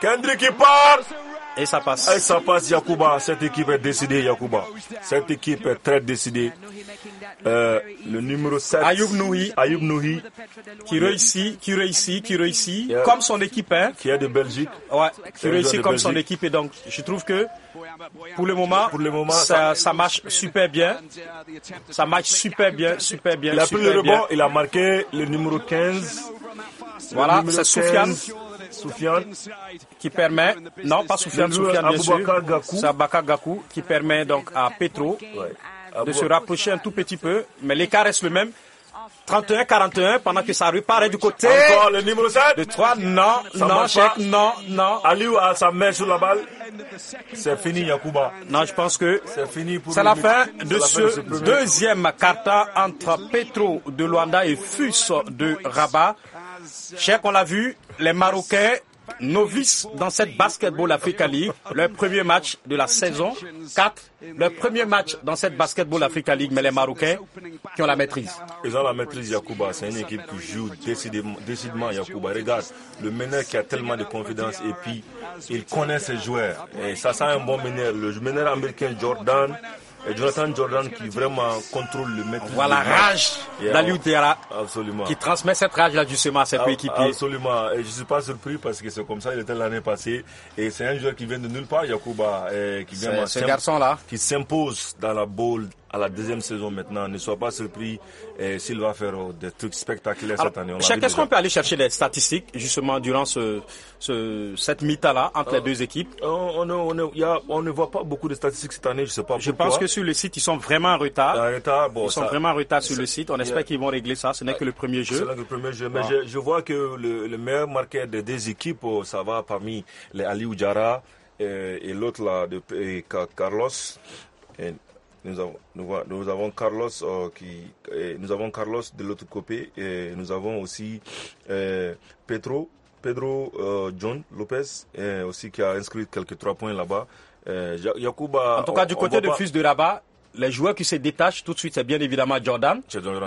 Kendrick qui part. Et ça passe. Et ça passe, Yakuba. Cette équipe est décidée, Yakuba. Cette équipe est très décidée. Euh, le numéro 7. Ayoub Nouhi. Ayoub Nouhi. Qui réussit, qui réussit, qui réussit. Comme son équipe, hein. Qui est de Belgique. Ouais. Qui réussit comme son équipe. Et donc, je trouve que pour le moment, pour le moment ça, marche super bien. Ça marche super bien, super bien. Il a pris le rebond, il a marqué le numéro 15. Voilà, c'est Soufiane. Soufiane. Qui permet, non, pas Soufiane, Soufiane, bien sûr. Abaka qui permet donc à Petro de se rapprocher un tout petit peu, mais l'écart reste le même. 31-41 pendant que ça reparaît du côté. Encore le numéro 7. De 3, non, non, non, non. sa main sur la balle. C'est fini, Yakuba. Non, je pense que c'est fini pour la, fin de ce, deuxième carton entre Petro de Luanda et Fus de Rabat. Cher qu'on l'a vu, les Marocains novices dans cette Basketball Africa League, leur premier match de la saison. 4. Leur premier match dans cette Basketball Africa League, mais les Marocains qui ont la maîtrise. Ils ont la maîtrise, Yacouba. C'est une équipe qui joue décidément, décidément Yacouba. Regarde, le meneur qui a tellement de confiance et puis il connaît ses joueurs. Et ça sent un bon meneur. Le meneur américain Jordan, et Jonathan Jordan qui vraiment contrôle le maître. Voilà, rage, la Absolument. Qui transmet cette rage-là justement à cette équipe. Absolument. Et je ne suis pas surpris parce que c'est comme ça, il était l'année passée. Et c'est un joueur qui vient de nulle part, Yakuba, qui vient ce garçon-là. Qui s'impose dans la bowl à la deuxième saison maintenant. Ne sois pas surpris euh, s'il va faire euh, des trucs spectaculaires cette année. est-ce qu'on peut aller chercher les statistiques justement durant ce, ce cette mi-temps-là entre les euh, deux équipes on, ne voit pas beaucoup de statistiques cette année, je sais pas pourquoi. Je pense que sur le site, ils sont vraiment en retard. ils sont vraiment en retard sur le site. On espère qu'ils vont régler ça. Ce n'est que le premier jeu. C'est le premier jeu. Mais ah. je, vois que le, meilleur marqueur des deux équipes, oh, ça va parmi les Ali Oujara et, l'autre là, de, Carlos. Et, nous avons, nous, avons Carlos euh, qui, euh, nous avons Carlos de l'autre côté et nous avons aussi euh, Pedro, Pedro John Lopez aussi qui a inscrit quelques trois points là-bas. en tout cas, du côté de Fils de Rabat, les joueurs qui se détachent tout de suite, c'est bien évidemment Jordan,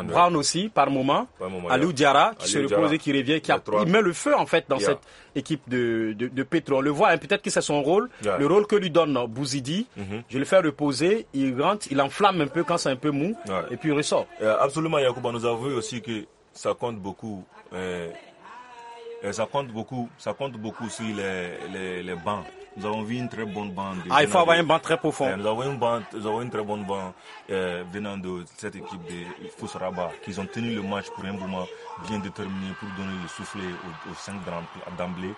Brown aussi par moment, Aliou qui se repose qui revient, qui il met le feu en fait dans cette équipe de, de, On le voit, hein, peut-être que c'est son rôle, le rôle que lui donne euh, Bouzidi. Mm-hmm. Je le fais reposer, il rentre, il enflamme un peu quand c'est un peu mou et puis il ressort. Euh, absolument, Yacouba, nous avons vu aussi que ça compte beaucoup. Euh, euh, ça compte beaucoup, ça compte beaucoup sur les, les, bancs. Nous avons vu une très bonne bande. Ah, il faut avoir un banc très profond. Euh, nous, avons une nous avons une très bonne bande euh, venant de cette équipe de Fous Rabat, qui ont tenu le match pour un moment bien déterminé pour donner le soufflé aux, aux cinq d'emblée.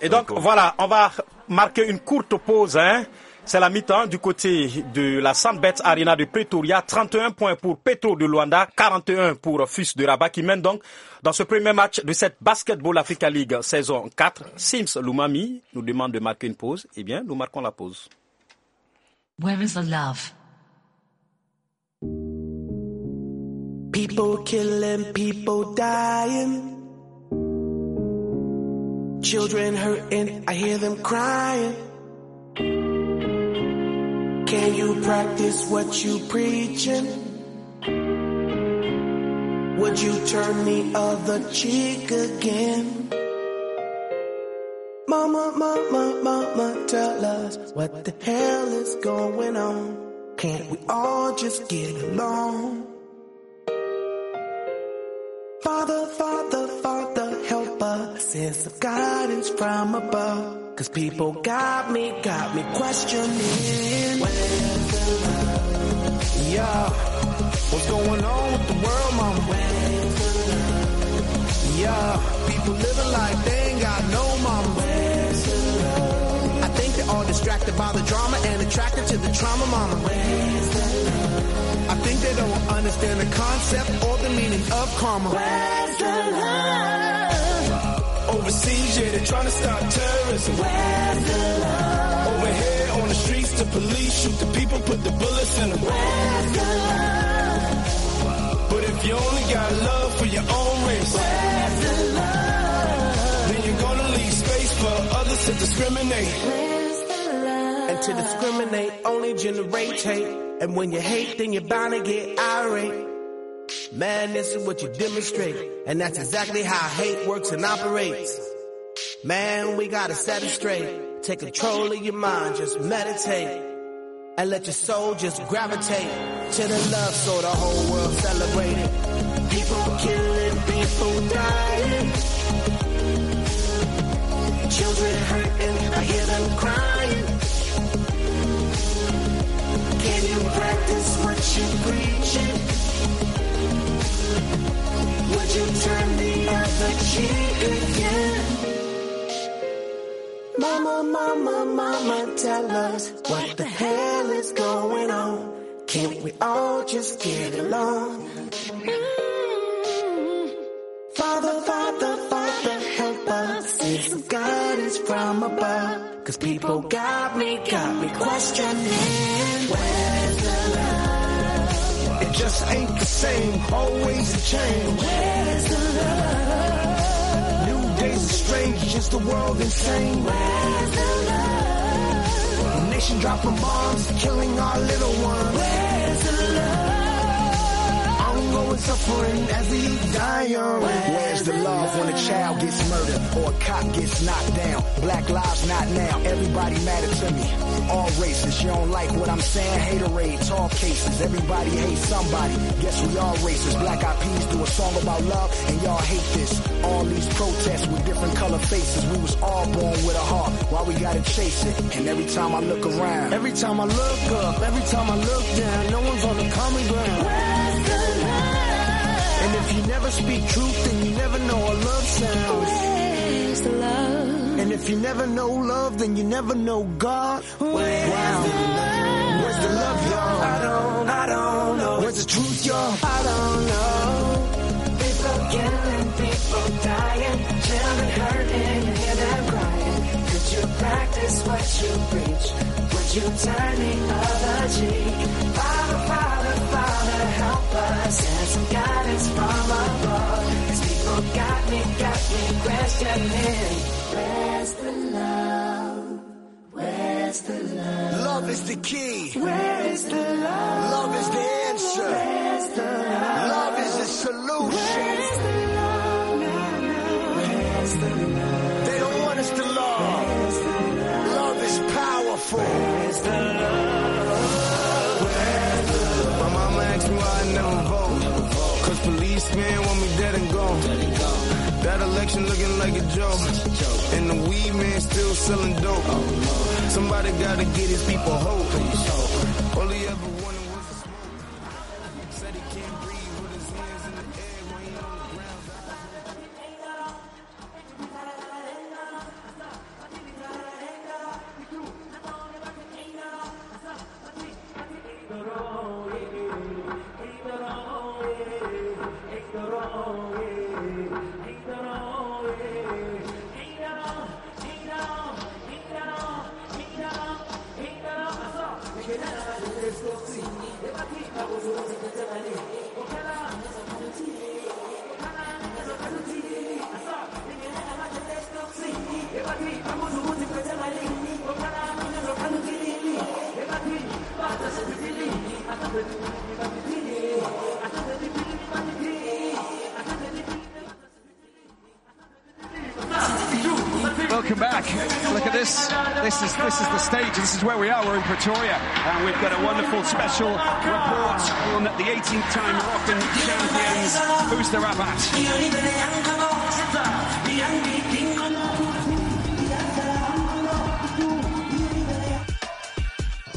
Et donc, donc voilà, on va marquer une courte pause. Hein. C'est la mi-temps du côté de la Sandbet Arena de Pretoria. 31 points pour Petro de Luanda, 41 pour Fus de Rabat qui mène donc dans ce premier match de cette Basketball Africa League saison 4. Sims Lumami nous demande de marquer une pause. Eh bien, nous marquons la pause. Where is love? People killing, people dying. Children hurting, I hear them crying. Can you practice what you preaching? Would you turn the other cheek again? Mama, mama, mama, tell us what the hell is going on. Can't we all just get along? Father, Father, Father, help us. Send some guidance from above. Cause people got me, got me questioning. Where's Yeah. What's going on with the world, mama? Where's Yeah. People living like they ain't got no mama. Where's the love? I think they're all distracted by the drama and attracted to the trauma, mama. Where's the love? I think they don't understand the concept or the meaning of karma. Where's the love? Overseas, yeah, they're trying to stop terrorism. Where's the love? Over here on the streets, the police shoot the people, put the bullets in them. Where's the love? But if you only got love for your own race, where's the love? Then you're gonna leave space for others to discriminate. Where's the love? And to discriminate only generate, hate. And when you hate, then you're bound to get irate. Madness is what you demonstrate, and that's exactly how hate works and operates. Man, we gotta set it straight. Take control of your mind, just meditate. And let your soul just gravitate to the love so the whole world celebrate it. People killing, people dying. Children hurting, I hear them crying. Can you practice what you're preaching? Would you turn the other cheek again? Mama, mama, mama, tell us what the hell is going on? Can't we all just get along? Mm-hmm. Father, Father, Father, help us. See some guidance from above. Cause people got me, got me questioning. Where's the it just ain't the same. Always a change. Where's the love? New days are strange, Is the world insane. Where's the love? Nation dropping bombs, killing our little ones. Where's and suffering as we die young. Where's the love when a child gets murdered or a cop gets knocked down? Black lives not now. Everybody matter to me. All races. You don't like what I'm saying? Haterade, all cases. Everybody hates somebody. Guess we all racist. Black eyed peas do a song about love and y'all hate this. All these protests with different color faces. We was all born with a heart. Why we gotta chase it? And every time I look around, every time I look up, every time I look down, no one's on the common ground you never speak truth, then you never know a love sounds. Where's the love? And if you never know love, then you never know God. Where's wow. the love? Where's the love, y'all? I don't, I don't know. Where's the truth, y'all? I don't know. People killing, people dying, children hurting, you hear them crying. Could you practice what you preach? Would you turn the other cheek? Bye, bye help us and some guidance from above. These people got me, got me questioning. Where's the love? Where's the love? Love is the key. Where is the love? Love is the answer. Where's the love? Love is the solution. Where's the love? Where's the love? They don't want us to love. Love is powerful. man want me dead and gone. That election looking like a joke. And the weed man still selling dope. Somebody gotta get his people hope. Only ever This is this is the stage. This is where we are. We're in Pretoria, and we've got a wonderful special report on the 18th time Moroccan champions. Who's the Rabat?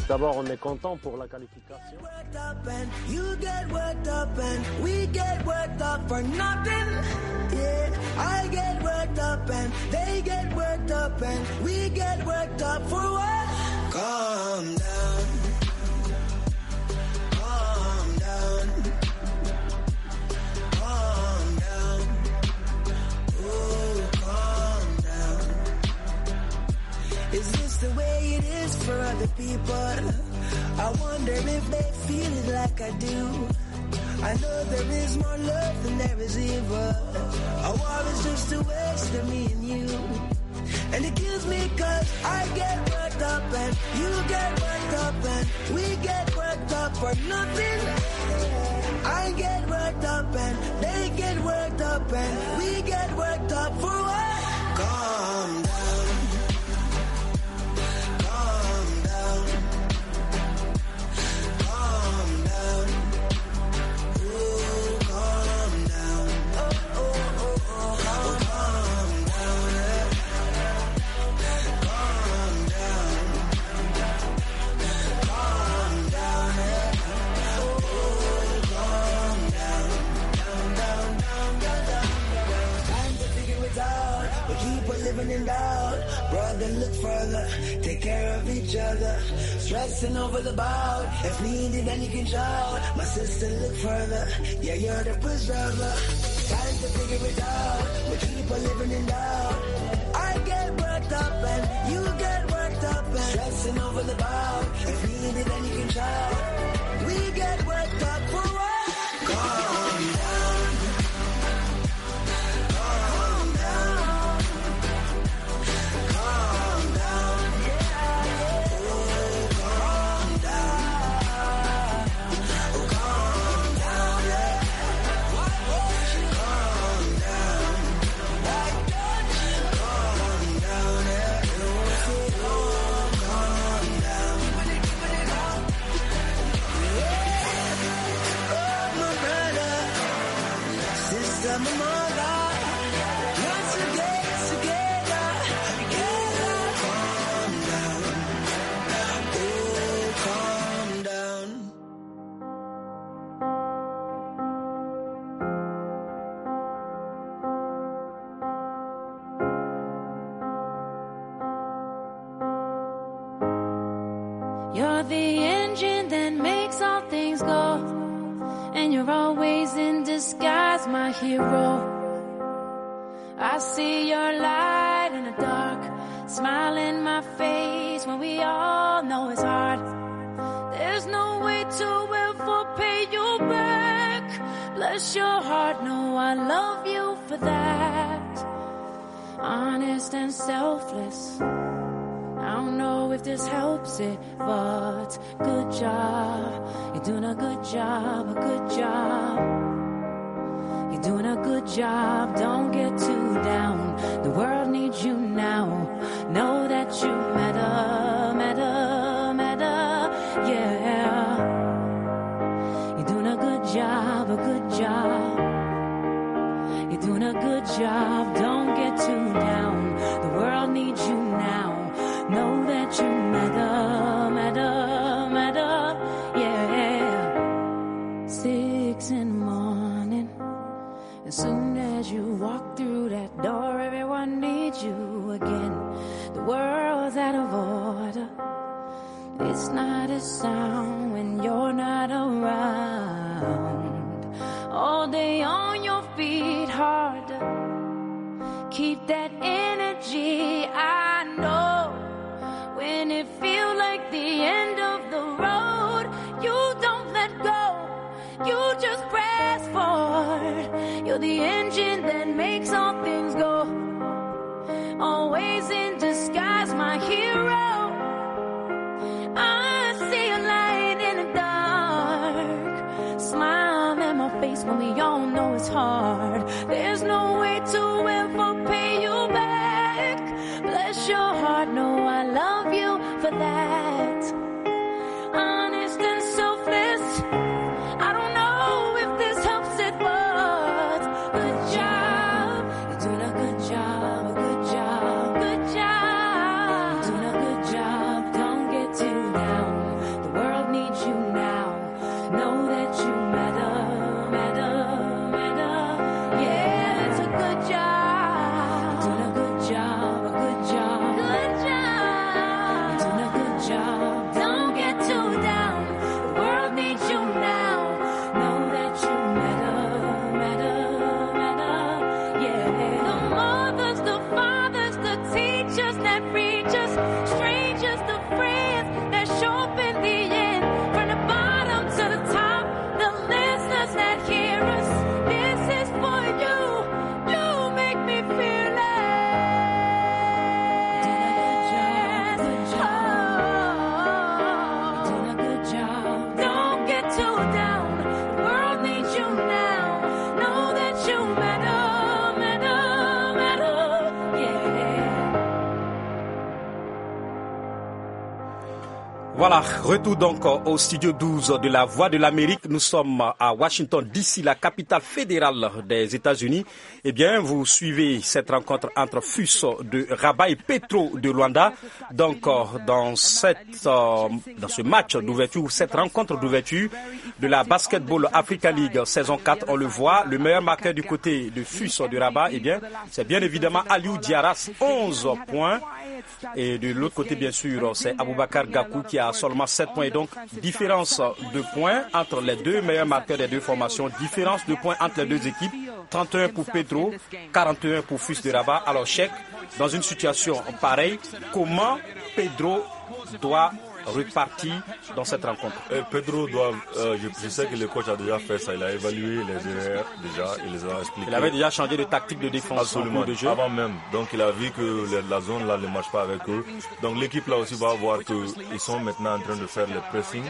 D'abord, on est content pour la qualification worked up and you get worked up and we get worked up for nothing. Yeah, I get worked up and they get worked up and we get worked up for what? Calm down. wonder if they feel it like I do. I know there is more love than there is evil. A war is just a waste of me and you. And it kills me cause I get worked up and you get worked up and we get worked up for nothing. I get worked up and they get worked up and we get worked up for what? stressing over the ball. If needed, then you can shout. My sister, look further. Yeah, you're the preserver. Time to figure it out. We keep on living in doubt. I get worked up and you get worked up and stressing over the ball. If needed, then you can shout. and selfless. I don't know if this helps it, but good job. You're doing a good job, a good job. You're doing a good job, don't get too down. The world needs you now. No day on your feet harder. Keep that energy, I know. When it feels like the end of the road, you don't let go. You just press forward. You're the engine that makes all things go. Always in disguise, my hero. When we all know it's hard. There's no Voilà, retour donc au studio 12 de la Voix de l'Amérique. Nous sommes à Washington, d'ici la capitale fédérale des États-Unis. Eh bien, vous suivez cette rencontre entre FUS de Rabat et Petro de Luanda. Donc, euh, dans, cette, euh, dans ce match d'ouverture, cette rencontre d'ouverture de la Basketball Africa League saison 4, on le voit, le meilleur marqueur du côté de FUS de Rabat, eh bien, c'est bien évidemment Aliou Diaras, 11 points. Et de l'autre côté, bien sûr, c'est Aboubakar Gakou qui a seulement 7 points. Donc, différence de points entre les deux meilleurs marqueurs des deux formations, différence de points entre les deux équipes, 31 pour Pedro, 41 pour Fus de Rabat. Alors, Chèque, dans une situation pareille, comment Pedro doit reparti dans cette rencontre. Et euh, Pedro doit, euh, je, sais que le coach a déjà fait ça, il a évalué les erreurs déjà, il les a expliquées. Il avait déjà changé de tactique de défense Absolument, avant même. Donc il a vu que la zone là ne marche pas avec eux. Donc l'équipe là aussi va voir qu'ils sont maintenant en train de faire le pressing.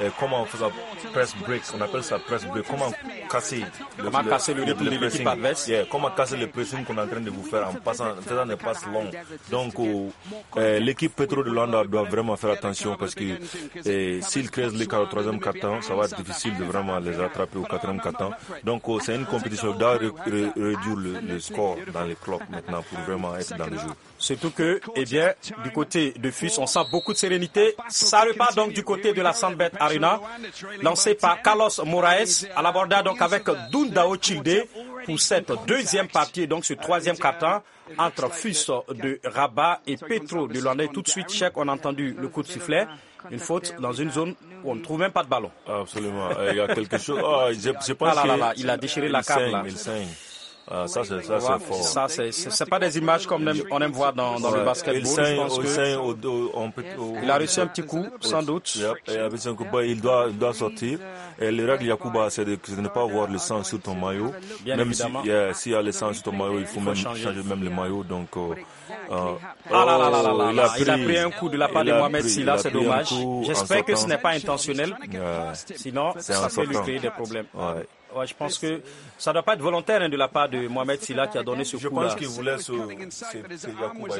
Et comment on fait ça press break, on appelle ça press break, comment casser le, comment casser le, comment casser le pressing qu'on est en train de vous faire en passant, en faisant des passes longues. Donc oh, euh, l'équipe Pedro de Londres doit vraiment faire attention parce que s'ils créent l'écart au troisième carton, ça va être difficile de vraiment les attraper au quatrième carton. Donc euh, c'est une compétition qui réduire le, score dans les clubs maintenant pour vraiment être dans le jeu. Surtout que, eh bien, du côté de Fus, on sent beaucoup de sérénité. Ça repart donc du côté de la Sandbet Arena, lancé par Carlos Moraes à l'aborda donc avec Dundao Childe pour cette deuxième partie, donc ce troisième carton entre Fusso de Rabat et Petro de Londres. Tout de suite, Cheikh, on a entendu le coup de sifflet. Une faute dans une zone où on ne trouve même pas de ballon. Absolument. Euh, il y a quelque chose. Oh, ah, je, ah il a déchiré la carte. Ah, ça, c'est fort. Ça, c'est C'est pas des images comme aime, on aime voir dans, dans le basketball. Il, je que... peut, il a reçu un petit coup, sans doute. Yep. Et avec un coup, il doit, il doit sortir. Et les règles, Yakuba, c'est de, ne pas avoir le sang sur ton maillot. même s'il si, y a le sang sur ton maillot, il faut, même changer. même le maillot. Donc, euh, Il, a pris, un coup de la part de Mohamed Silla, c'est dommage. J'espère que ce n'est pas intentionnel. Sinon, ça peut lui créer des problèmes. Ouais je pense que ça ne doit pas être volontaire hein, de la part de Mohamed Silla qui a donné ce coup. Je pense qu'il voulait se.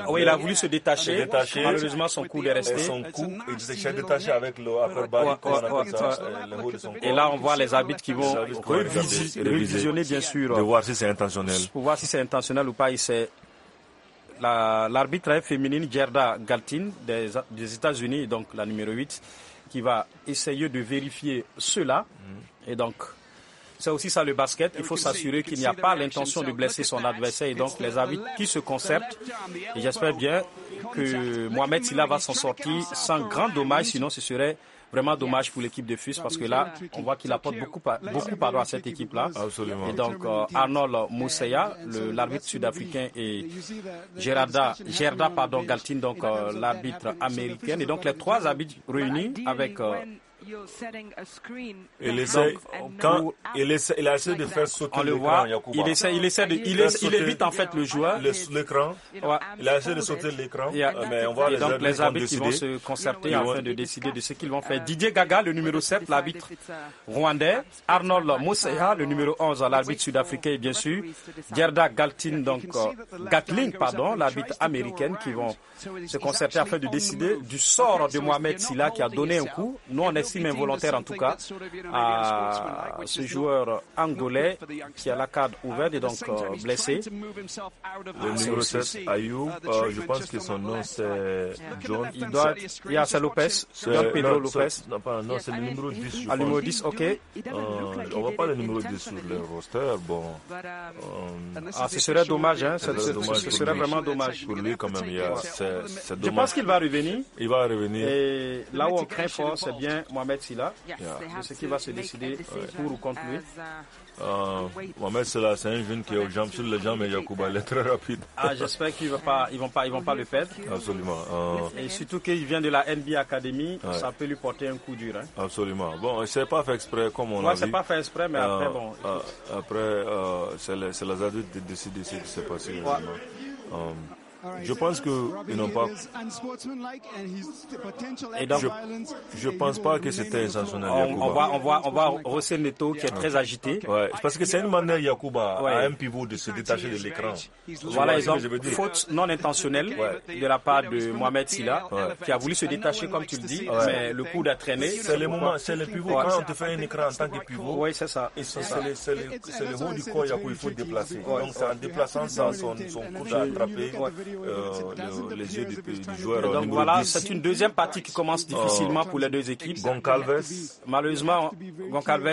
Ah oui, il a voulu se détacher. Malheureusement, son coup est resté. son coup, il s'est détaché avec le Et là, on voit les arbitres qui vont revisionner, bien sûr. De voir si c'est intentionnel. Pour voir si c'est intentionnel ou pas, il l'arbitre féminine Gerda Galtin des, États-Unis, donc la numéro 8, qui va essayer de vérifier cela. Mm. Et donc, c'est aussi ça le basket. Il faut s'assurer qu'il n'y a pas l'intention de blesser son adversaire et donc les arbitres qui se conceptent. Et j'espère bien que Mohamed Silla va s'en sortir sans grand dommage, sinon ce serait vraiment dommage pour l'équipe de FUS parce que là, on voit qu'il apporte beaucoup, beaucoup pardon, à cette équipe-là. Absolument. Et donc, euh, Arnold Mousseya, l'arbitre sud-africain, et Gerarda, Gerda pardon, Galtine, donc euh, l'arbitre américain. Et donc, les trois arbitres réunis avec. Il essaie, a de faire sauter l'écran, Il essaie, il essaie, de, il, évite en fait le joueur. L'écran. Il essaie de sauter l'écran. Mais on voit les donc les arbitres vont se concerter afin de décider de ce qu'ils vont faire. Uh, Didier Gaga, le numéro 7, l'arbitre uh, rwandais. Arnold Moseha, le numéro 11, l'arbitre sud-africain, bien sûr. Gerda Galtin, donc Gatling, pardon, l'arbitre américaine, qui vont se concerter afin de décider du sort de Mohamed Silla qui a donné un coup. Nous on est estime volontaire en tout cas à ce joueur angolais qui a la carte ouverte et donc euh, blessé. Le ah, numéro 7, Ayou, euh, je pense que son nom c'est John. Il doit Lopez, John euh, Pedro Lopez. Non, pas, non c'est le numéro 10. Ah, le numéro 10, ok. On euh, voit pas le numéro 10 sur le roster. Bon. Um, ah, ce serait dommage, hein. Ce, serait vraiment dommage. Pour lui, quand même, il dommage. Je pense qu'il va revenir. Il va revenir. Et là où on craint fort, c'est bien Mohamed Silla c'est ce qui va se décider euh, pour ou contre lui uh, euh, Mohamed Silla, c'est un jeune qui est aux jambes sur les jambes et Yacouba, il est très rapide. Ah, j'espère qu'ils ne vont pas, vont vont pas le perdre. Absolument. Euh, et surtout qu'il vient de la NBA Academy, ça peut lui porter un coup dur. Hein. Absolument. Bon, ce n'est pas fait exprès comme on ouais, dit. Ce n'est pas fait exprès, mais après, bon. après, c'est les, les, adultes qui décident ce qui s'est passé. Je pense que... non pas. Donc, je ne pense pas que c'était intentionnel. On, on, va, on voit, on voit Rossel Neto qui est très agité. Ouais, parce que c'est une manière, Yakouba à un pivot de se détacher de l'écran. Voilà, ils ont faute non intentionnelle de la part de Mohamed Silla, qui a voulu se détacher, comme tu le dis, mais le coup d'attraîner. C'est le moment, c'est le pivot. Quand on te fait un écran en tant que pivot, oui, c'est ça. C'est le, haut du corps, Yacouba, il faut déplacer. Donc, c'est en déplaçant ça, son, son coup attrapé... Euh, les yeux du, joueur. donc voilà, c'est une deuxième partie qui commence oh. difficilement pour les deux équipes. Goncalves. Malheureusement, Goncalves,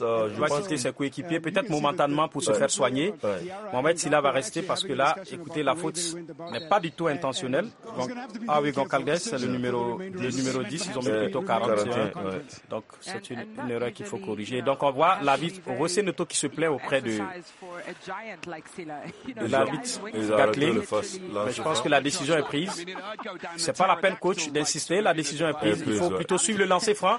euh, je va pense ses coéquipiers, euh, peut-être momentanément pour se faire soigner. Mohamed Silla va rester parce que là, écoutez, la faute n'est pas du tout intentionnelle. ah oui, Goncalves, c'est le numéro, numéro 10, ils ont mis plutôt 41. Donc c'est une, erreur qu'il faut corriger. donc on voit l'arbitre Rosé Noto qui se plaît auprès de, de l'arbitre Gatley mais je pense que la décision est prise. C'est pas la peine, coach, d'insister. La décision est prise. Il faut plutôt suivre le lancer franc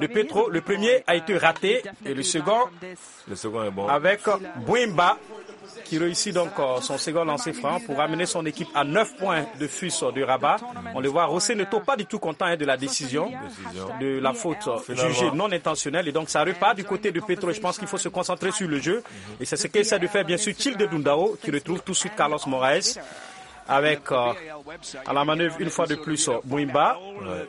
Le Petro. Le premier a été raté et le second, le second est bon. avec Bouimba qui réussit donc euh, son second lancé franc pour amener son équipe à 9 points de fuite du rabat. On le voit, Rossé Neto pas du tout content hein, de la décision, de la faute euh, jugée non intentionnelle. Et donc ça repart du côté de Petro. Je pense qu'il faut se concentrer sur le jeu. Et c'est ce qu'essaie de faire bien sûr Tilde Dundao qui retrouve tout de suite Carlos Moraes avec euh, à la manœuvre une fois de plus euh, Mouimba, euh,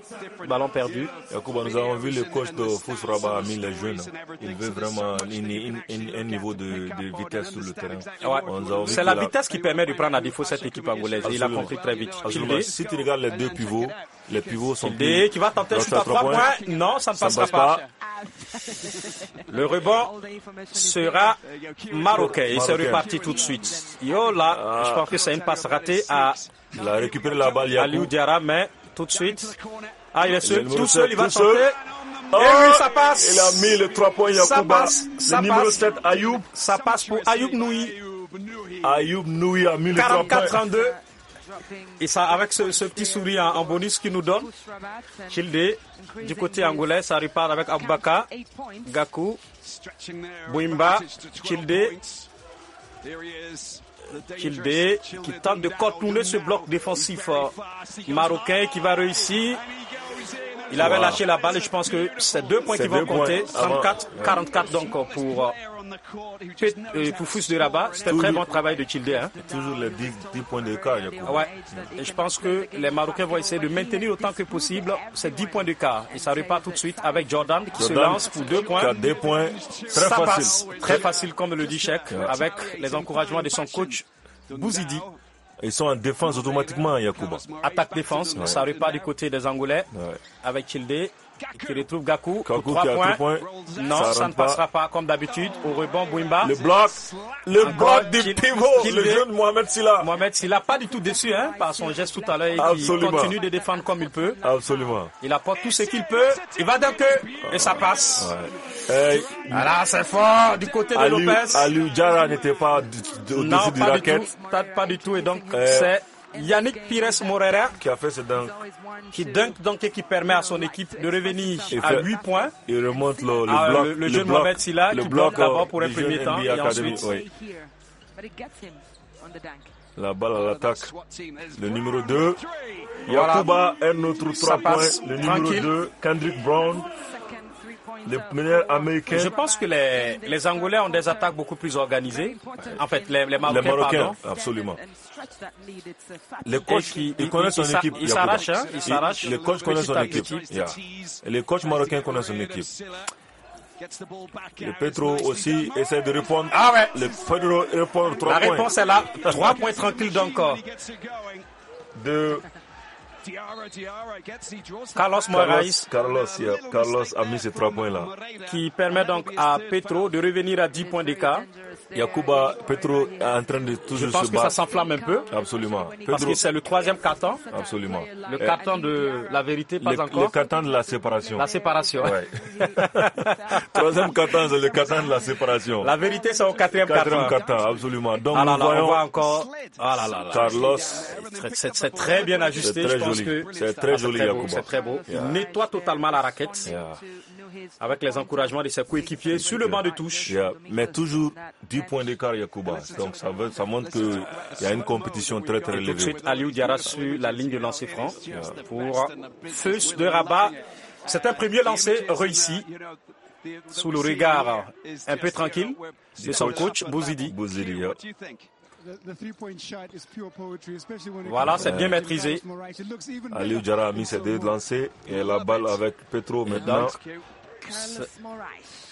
ballon perdu. nous avons vu le coach de Fousraba Rabat jeunes. Il veut vraiment un niveau de, vitesse sur le terrain. Ah C'est la, vitesse qui permet de prendre à défaut cette équipe angolaise. Il a compris très vite. Si tu regardes les deux pivots, les pivots sont. tu qui va tenter de pas. points. Non, ça ne passera pas. Le rebond sera marocain. Il s'est reparti tout de suite. Yo, là, je pense que c'est une passe ratée à. Il a la balle, Aliou Diarra, mais tout de suite. Ah, il est seul. Tout seul, il va tenter. Oh, et oui ça passe. Il a mis les trois points, à Ça passe. le numéro 7, Ayoub. Ça passe pour Ayoub Noui. Ayoub Noui a mis les trois points. 44-32. Et ça, avec ce, petit sourire en bonus qu'il nous donne, Childe, du côté angolais, ça repart avec Abubaka, Gaku, Bouimba, Childe, Childe, qui tente de contourner ce bloc défensif euh, marocain qui va réussir. Il avait lâché la balle et je pense que c'est deux points qui vont compter. 34-44 donc euh, pour euh, euh, Poufous de Rabat, C'était un très bon travail de Kildé hein. Toujours les 10, points points d'écart, ouais. Et je pense que les Marocains vont essayer de maintenir autant que possible ces 10 points de d'écart. Et ça repart tout de suite avec Jordan qui se lance pour 2 points. Deux points. Très facile. très facile, comme le dit Cheikh, avec les encouragements de son coach Bouzidi. Ils sont en défense automatiquement, Yacouba. Attaque-défense, ça repart du côté des Angolais avec Kildé qui retrouve Gaku. Gaku pour 3 points. Non, ça, ne passera pas comme d'habitude. Au rebond, Bouimba. Le bloc. Le bloc du pivot. Le jeune Mohamed Silla. Mohamed Silla, pas du tout déçu hein, par son geste tout à l'heure. Il continue de défendre comme il peut. Absolument. Il apporte tout ce qu'il peut. Il va d'un queue et ça passe. Ouais. voilà, c'est fort du côté de Lopez. Aliou Jara n'était pas au-dessus du racket. Pas, pas du tout. Et donc, euh, c'est Yannick Pires Morera qui a fait ce dunk. Qui dunk donc et qui permet à son équipe de revenir à 8 points. Il remonte le, le ah, bloc. Le, le, Mohamed Silla qui bloque d'abord pour un premier temps et La balle à l'attaque. Le numéro 2. Yakuba, un autre 3 points. Le numéro 2, Kendrick Brown. Le meilleur américain. Je pense que les, les Angolais ont des attaques beaucoup plus organisées. En fait, les, les Marocains. Les Marocains, absolument. Le coach, qui connaît son équipe. Il s'arrache, Le coach connaît son équipe. Le coach marocain connaît son équipe. Le Petro aussi essaie de répondre. Ah ouais. Le Pedro répond 3 La réponse est là. 3 points tranquilles d'encore. De Carlos Moraes. Carlos, Carlos a mis ces 3 points là. Qui permet donc à Petro de revenir à 10 points d'écart. Yacouba, Petro est en train de toujours se battre. Je pense que ça s'enflamme un peu. Absolument. parce que c'est le troisième carton. Absolument. Le carton de la vérité, pas encore. Le carton de la séparation. La séparation. Ouais. troisième carton, c'est le carton de la séparation. La vérité, c'est au quatrième carton. Quatrième carton, absolument. Donc, ah on voit encore. Ah là là Carlos. C'est très bien ajusté. C'est très joli. C'est très ah, joli, Yacouba. C'est très beau. Il nettoie totalement la raquette avec les encouragements de ses coéquipiers sur le banc de touche. Mais toujours 10 points d'écart, Yakuba. Donc ça, veut, ça montre qu'il y a une compétition très très élevée. Tout de suite, Aliou Diarra sur la ligne de lancer franc pour Fus de Rabat. C'est un premier lancer réussi sous le regard un peu tranquille de son coach Bouzidi. Voilà, c'est bien euh, maîtrisé. Aliou Diarra a mis ses deux lancers et la balle avec Petro maintenant.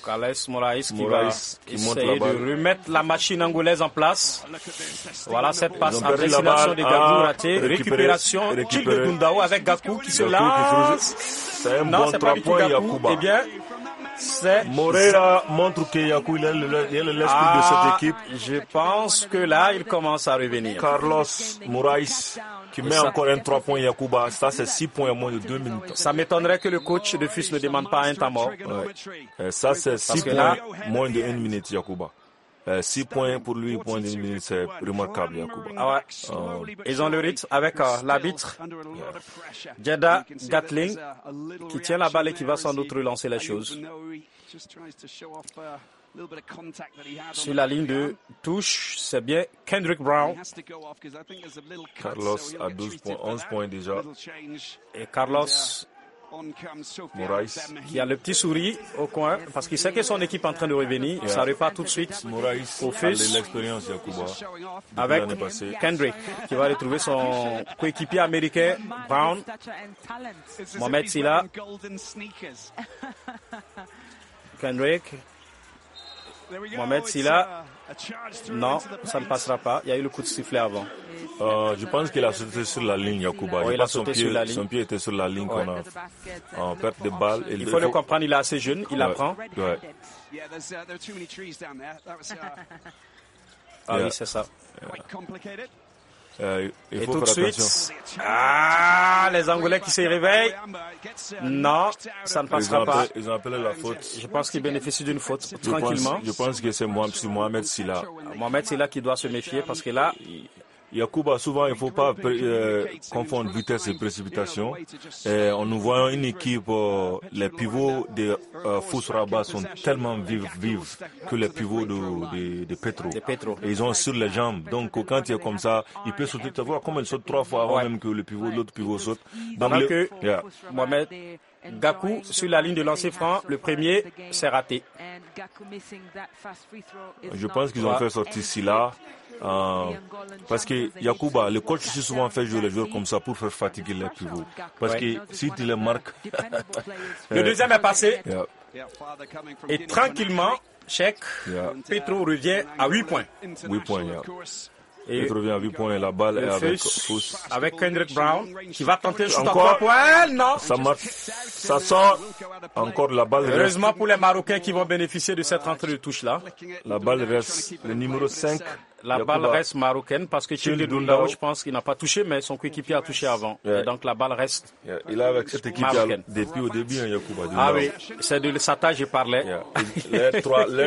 Carlos Moraes qui va qui essayer de remettre la machine angolaise en place. Voilà cette passe à destination de Gakou ratée. Récupération de Gundao avec Gaku qui se lance. un non, bon pas du tout Gakou. Eh bien, c'est... Moreira montre qu'il y a l'esprit de ah, cette équipe. Je pense que là, il commence à revenir. Carlos Moraes qui met encore un 3 points Yakuba. Ça, c'est 6 points en moins de 2 minutes. Ça m'étonnerait que le coach de fils ne demande pas un temps mort. Euh, ça, c'est 6 points moins de 1 minute Yakuba. 6 euh, points pour lui, point de minute, c'est remarquable, ah euh, Ils ont le rythme avec euh, l'arbitre Jeddah Gatling qui tient la balle et qui va sans doute relancer les choses. Sur la ligne de touche, c'est bien Kendrick Brown. Carlos a 12 points, 11 points déjà. Et Carlos il qui a le petit sourire au coin parce qu'il sait que son équipe est en train de revenir. Ça repart tout de suite. au fils. Avec Kendrick qui va retrouver son coéquipier américain Brown. Mohamed Silla. Kendrick. Mohamed Silla. Non, ça ne passera pas. Il y a eu le coup de sifflet avant. Euh, je pense qu'il a sauté sur la ligne, Yakuba. il a sauté son, pied, son pied était sur la ligne qu'on a en perte de Il, faut le comprendre, il est assez jeune, il apprend. Uh, uh, ah oui, c'est ça. Euh, Et tout de suite, ah, les Angolais qui se réveillent. Non, ça ne passera pas. ils ont appelé la faute. Je pense qu'ils bénéficient d'une faute, tranquillement. je pense que c'est Mohamed Silla. Mohamed Silla qui doit se méfier parce que là, Yakuba, souvent, il ne faut pas euh, confondre vitesse et précipitation. Et en nous voyant une équipe, euh, les pivots de euh, sont tellement vives, que les pivots de, de, de Petro. ils ont sur les jambes. Donc, quand il est comme ça, il peut sauter. Tu vois, comme il saute trois fois avant même que le pivot, l'autre pivot saute. Donc, Mohamed Gaku sur la ligne de lancer franc, le premier, s'est raté. Je pense qu'ils ont fait sortir Silla euh, parce que Yakuba, le coach s'est souvent fait jouer les joueurs comme ça pour faire fatiguer les pivots. Parce que si tu les marques. le deuxième est passé. Et tranquillement, Cheikh, Petro revient à 8 points. 8 points, et il revient à 8 points la balle est avec Avec Kendrick Brown qui va tenter le shoot Encore. Non. Ça, ça sort. Encore la balle Heureusement pour les Marocains qui vont bénéficier de cette rentrée de touche-là. La balle reste le numéro 5 la balle reste marocaine parce que Chili Doundao, je pense qu'il n'a pas touché, mais son coéquipier a touché avant. Et donc la balle reste yeah. Il est avec cette équipe marocaine. depuis au début, hein, Ah oui, c'est de Sata je parlais. Yeah. Les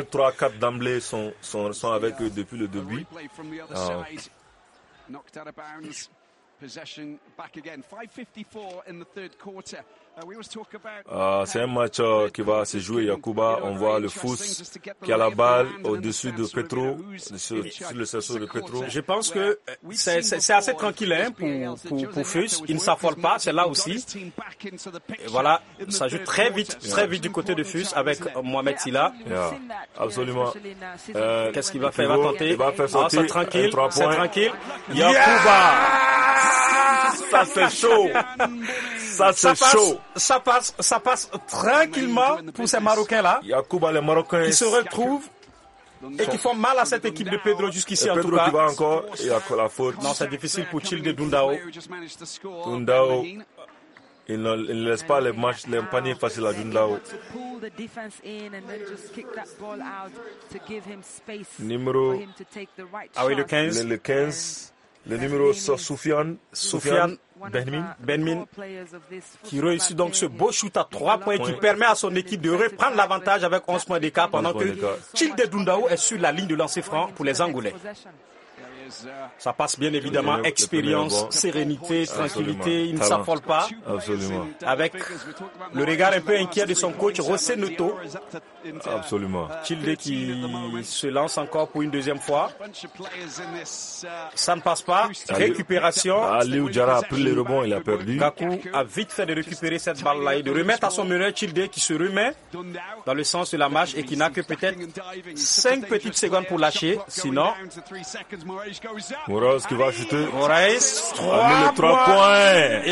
3-4 d'emblée sont, sont, sont, avec eux depuis le début. Ah. Knocked out of bounds. Possession back again. 5.54 in the third quarter. Uh, ah, c'est un match euh, qui va se jouer Yakuba, On voit le Fous qui a la balle au-dessus de Petro, sur, le de Petro. Je pense que c'est assez tranquille hein, pour, pour, Il ne s'affole pas, c'est là aussi. Et voilà, ça joue très vite, très vite du côté de Fus avec Mohamed Silla. Absolument. Uh, euh, Qu'est-ce qu'il va faire Il va tenter. Ah, c'est tranquille. C'est tranquille. Il ça c'est chaud. Ça c'est chaud. Ça passe, ça passe tranquillement pour ces Marocains-là. Yacouba, les Marocains. Qui se retrouvent et qui font mal à cette équipe de Pedro jusqu'ici en tout cas. encore et la faute. Non, c'est difficile pour Childe Dundao. Dundao, il ne, laisse pas les matchs, les paniers faciles à Dundao. Numéro. Ah oui, le 15. le 15 le numéro Soufiane. Benmin. qui réussit donc ce beau shoot à 3 points qui permet à son équipe de reprendre l'avantage avec 11 points d'écart pendant que Tilde Dundao est sur la ligne de lancer franc pour les Angolais. Ça passe bien évidemment expérience, sérénité, tranquillité. Il ne s'affole pas. Absolument. Avec le regard un peu inquiet de son coach José Noto. Absolument. Tilde qui se lance encore pour une deuxième fois. Ça ne passe pas. Récupération. a pris le rebond, il a perdu. Kaku a vite fait de récupérer cette balle-là et de remettre à son meneur Tilde qui se remet dans le sens de la marche et qui n'a que peut-être 5 petites secondes pour lâcher. Sinon, Moraes qui va chuter. Moraes, 3 points.